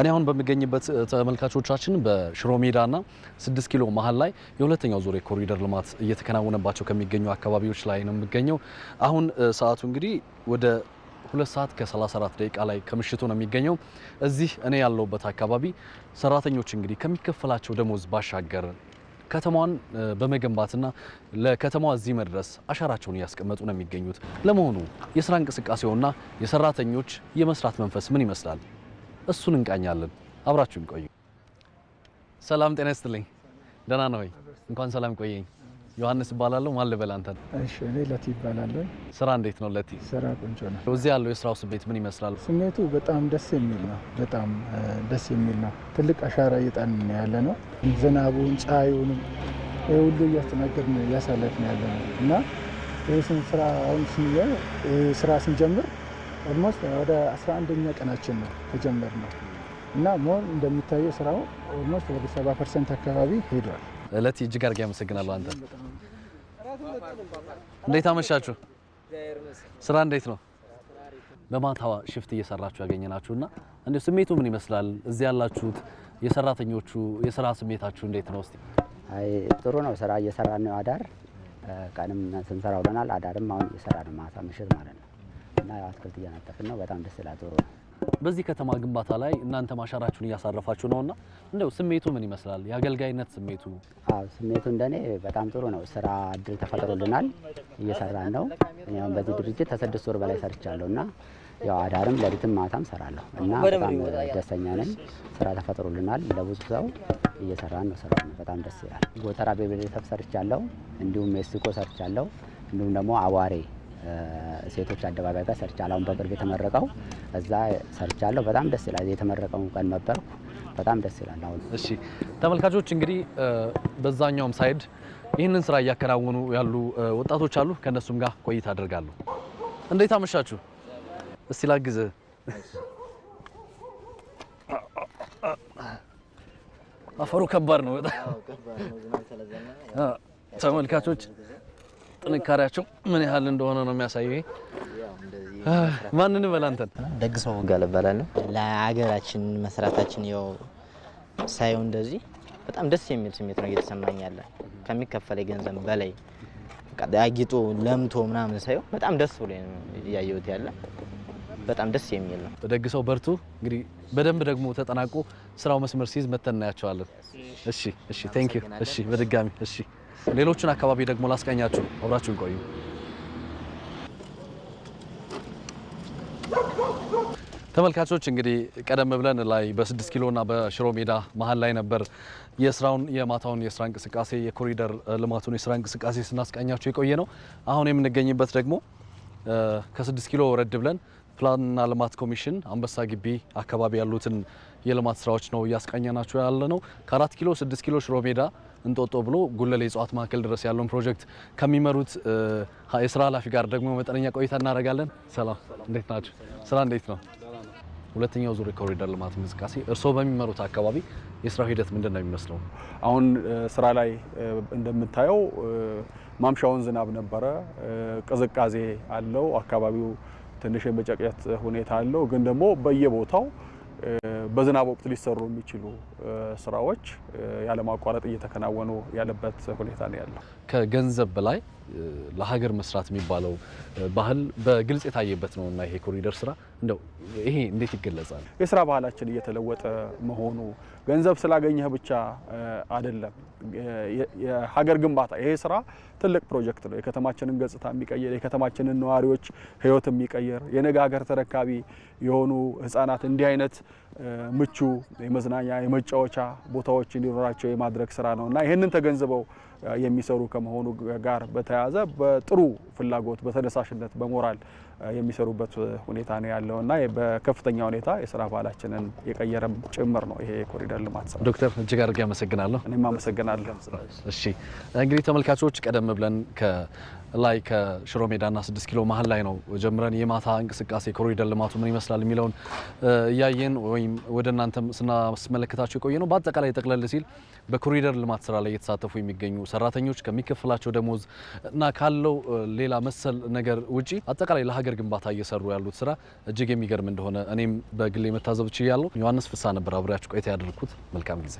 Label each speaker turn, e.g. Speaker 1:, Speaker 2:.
Speaker 1: እኔ አሁን በሚገኝበት ተመልካቾቻችን በሽሮ ሜዳና ስድስት ኪሎ መሀል ላይ የሁለተኛው ዙር የኮሪደር ልማት እየተከናወነባቸው ከሚገኙ አካባቢዎች ላይ ነው የሚገኘው። አሁን ሰዓቱ እንግዲህ ወደ ሁለት ሰዓት ከ34 ደቂቃ ላይ ከምሽቱ ነው የሚገኘው። እዚህ እኔ ያለሁበት አካባቢ ሰራተኞች እንግዲህ ከሚከፈላቸው ደሞዝ ባሻገር ከተማዋን በመገንባትና ለከተማዋ እዚህ መድረስ አሻራቸውን እያስቀመጡ ነው የሚገኙት። ለመሆኑ የስራ እንቅስቃሴውና የሰራተኞች የመስራት መንፈስ ምን ይመስላል? እሱን እንቃኛለን። አብራችሁን ቆዩ። ሰላም ጤና ይስጥልኝ። ደህና ነው ወይ? እንኳን ሰላም ቆየኝ። ዮሐንስ እባላለሁ። ማን ልበል አንተን?
Speaker 2: እሺ፣ እኔ ለቲ እባላለሁ።
Speaker 1: ስራ እንዴት ነው ለቲ?
Speaker 2: ስራ ቆንጆ ነው።
Speaker 1: እዚህ ያለው የስራው ስሜት ምን ይመስላል?
Speaker 2: ስሜቱ በጣም ደስ የሚል ነው። በጣም ደስ የሚል ነው። ትልቅ አሻራ እየጣልን ያለ ነው። ዝናቡን፣ ፀሐዩንም ሁሉ እያስተናገድን እያሳለፍን ያለ ነው እና ይህ ስራ አሁን ስራ ስንጀምር ኦልሞስት ወደ 11ኛ ቀናችን ነው ተጀመር ነው እና ሞር እንደሚታየው ስራው ኦልሞስት ወደ ሰባ ፐርሰንት አካባቢ ሄዷል።
Speaker 1: እለት እጅግ አድርጌ አመሰግናለሁ። አንተ እንዴት አመሻችሁ? ስራ እንዴት ነው? በማታዋ ሽፍት እየሰራችሁ ያገኘናችሁ እና እንዲሁ ስሜቱ ምን ይመስላል? እዚህ ያላችሁት የሰራተኞቹ የስራ ስሜታችሁ እንዴት ነው? እስቲ
Speaker 3: አይ ጥሩ ነው። ስራ እየሰራ ነው። አዳር ቀንም ስንሰራ ውለናል። አዳርም አሁን እየሰራ ነው ማታ ምሽት ማለት ነው። እና አትክልት እያነጠፍን ነው። በጣም ደስ ይላል። ጥሩ ነው።
Speaker 1: በዚህ ከተማ ግንባታ ላይ እናንተ ማሻራችሁን እያሳረፋችሁ ነውና እንደው ስሜቱ ምን ይመስላል? የአገልጋይነት ስሜቱ?
Speaker 3: አዎ ስሜቱ እንደኔ በጣም ጥሩ ነው። ስራ እድል ተፈጥሮልናል፣ እየሰራን ነው። እኔም በዚህ ድርጅት ከስድስት ወር በላይ ሰርቻለሁና ያው አዳርም ለሊትም ማታም ሰራለሁ እና በጣም ደስተኛ ነኝ። ስራ ተፈጥሮልናል። ለብዙ ሰው እየሰራን ነው። ስራ በጣም ደስ ይላል። ጎተራ ቤተሰብ ሰርቻለሁ፣ እንዲሁም ሜክሲኮ ሰርቻለሁ፣ እንዲሁም ደግሞ አዋሬ ሴቶች አደባባይ ጋር ሰርቻለሁ። አሁን በቅርብ የተመረቀው እዛ ሰርቻለሁ። በጣም ደስ ይላል። የተመረቀው ቀን ነበርኩ። በጣም ደስ ይላል። አሁን
Speaker 1: እሺ፣ ተመልካቾች እንግዲህ በዛኛውም ሳይድ ይህንን ስራ እያከናወኑ ያሉ ወጣቶች አሉ። ከእነሱም ጋር ቆይታ አደርጋለሁ። እንዴት አመሻችሁ? እስቲ ላግዝ። አፈሩ ከባድ ነው በጣም ተመልካቾች ጥንካሬያቸው ምን ያህል እንደሆነ ነው የሚያሳየው። ማንን በላንተን
Speaker 3: ደግ ሰው ጋር እባላለሁ። ለሀገራችን መስራታችን ያው ሳየው እንደዚህ በጣም ደስ የሚል ስሜት ነው እየተሰማኝ ያለ ከሚከፈለ ገንዘብ በላይ አጊጦ ለምቶ ምናምን ሳየው በጣም ደስ ብሎ እያየሁት ያለ በጣም ደስ የሚል ነው።
Speaker 1: ደግ ሰው በርቱ። እንግዲህ በደንብ ደግሞ ተጠናቆ ስራው መስመር ሲይዝ መተን እናያቸዋለን። እሺ፣ እሺ፣ ቴንክ ዩ። እሺ፣ በድጋሚ እሺ። ሌሎችን አካባቢ ደግሞ ላስቀኛችሁ፣ አብራችሁ ቆዩ። ተመልካቾች እንግዲህ ቀደም ብለን ላይ በስድስት ና በሽሮ ሜዳ መሀል ላይ ነበር የስራውን የማታውን የስራ እንቅስቃሴ የኮሪደር ልማቱን የስራ እንቅስቃሴ ስናስቃኛቸው የቆየ ነው። አሁን የምንገኝበት ደግሞ ከስድስት ኪሎ ወረድ ብለን ፕላንና ልማት ኮሚሽን አንበሳ ግቢ አካባቢ ያሉትን የልማት ስራዎች ነው እያስቃኘናቸው ያለ ነው። ከአራት ኪሎ ስድስት ኪሎ ሽሮ ሜዳ እንጦጦ ብሎ ጉለሌ የእጽዋት ማዕከል ድረስ ያለውን ፕሮጀክት ከሚመሩት የስራ ኃላፊ ጋር ደግሞ መጠነኛ ቆይታ እናደርጋለን። ሰላም፣ እንዴት ናችሁ? ስራ እንዴት ነው? ሁለተኛው ዙር የኮሪደር ልማት እንቅስቃሴ እርስዎ በሚመሩት አካባቢ የስራው ሂደት ምንድን ነው የሚመስለው?
Speaker 4: አሁን ስራ ላይ እንደምታየው ማምሻውን ዝናብ ነበረ፣ ቅዝቃዜ አለው፣ አካባቢው ትንሽ የመጨቅጨት ሁኔታ አለው። ግን ደግሞ በየቦታው በዝናብ ወቅት ሊሰሩ የሚችሉ ስራዎች ያለማቋረጥ እየተከናወኑ ያለበት ሁኔታ ነው ያለው።
Speaker 1: ከገንዘብ በላይ ለሀገር መስራት የሚባለው ባህል በግልጽ የታየበት ነው እና ይሄ ኮሪደር ስራ እንደው ይሄ እንዴት ይገለጻል?
Speaker 4: የስራ ባህላችን እየተለወጠ መሆኑ ገንዘብ ስላገኘህ ብቻ አይደለም። የሀገር ግንባታ ይሄ ስራ ትልቅ ፕሮጀክት ነው። የከተማችንን ገጽታ የሚቀይር የከተማችንን ነዋሪዎች ህይወት የሚቀይር የነገ ሀገር ተረካቢ የሆኑ ህጻናት እንዲህ አይነት ምቹ የመዝናኛ የመጫወቻ ቦታዎች እንዲኖራቸው የማድረግ ስራ ነው እና ይህንን ተገንዝበው የሚሰሩ ከመሆኑ ጋር በተያያዘ በጥሩ ፍላጎት፣ በተነሳሽነት፣ በሞራል የሚሰሩበት ሁኔታ ነው ያለው እና በከፍተኛ ሁኔታ የስራ ባህላችንን የቀየረ ጭምር ነው ይሄ የኮሪደር ልማት
Speaker 1: ስራ። ዶክተር እጅግ አድርጌ አመሰግናለሁ።
Speaker 5: እኔም አመሰግናለሁ።
Speaker 1: እሺ እንግዲህ ተመልካቾች ቀደም ብለን ላይ ከሽሮ ሜዳና ስድስት ኪሎ መሀል ላይ ነው ጀምረን የማታ እንቅስቃሴ ኮሪደር ልማቱ ምን ይመስላል የሚለውን እያየን ወይም ወደ እናንተም ስናስመለከታቸው የቆየ ነው። በአጠቃላይ ጠቅለል ሲል በኮሪደር ልማት ስራ ላይ የተሳተፉ የሚገኙ ሰራተኞች ከሚከፍላቸው ደሞዝ እና ካለው ሌላ መሰል ነገር ውጪ አጠቃላይ ለሀገር የሀገር ግንባታ እየሰሩ ያሉት ስራ እጅግ የሚገርም እንደሆነ እኔም በግሌ መታዘብ ችያለሁ። ዮሐንስ ፍሳ ነበር አብሬያችሁ ቆይታ ያደርኩት። መልካም ጊዜ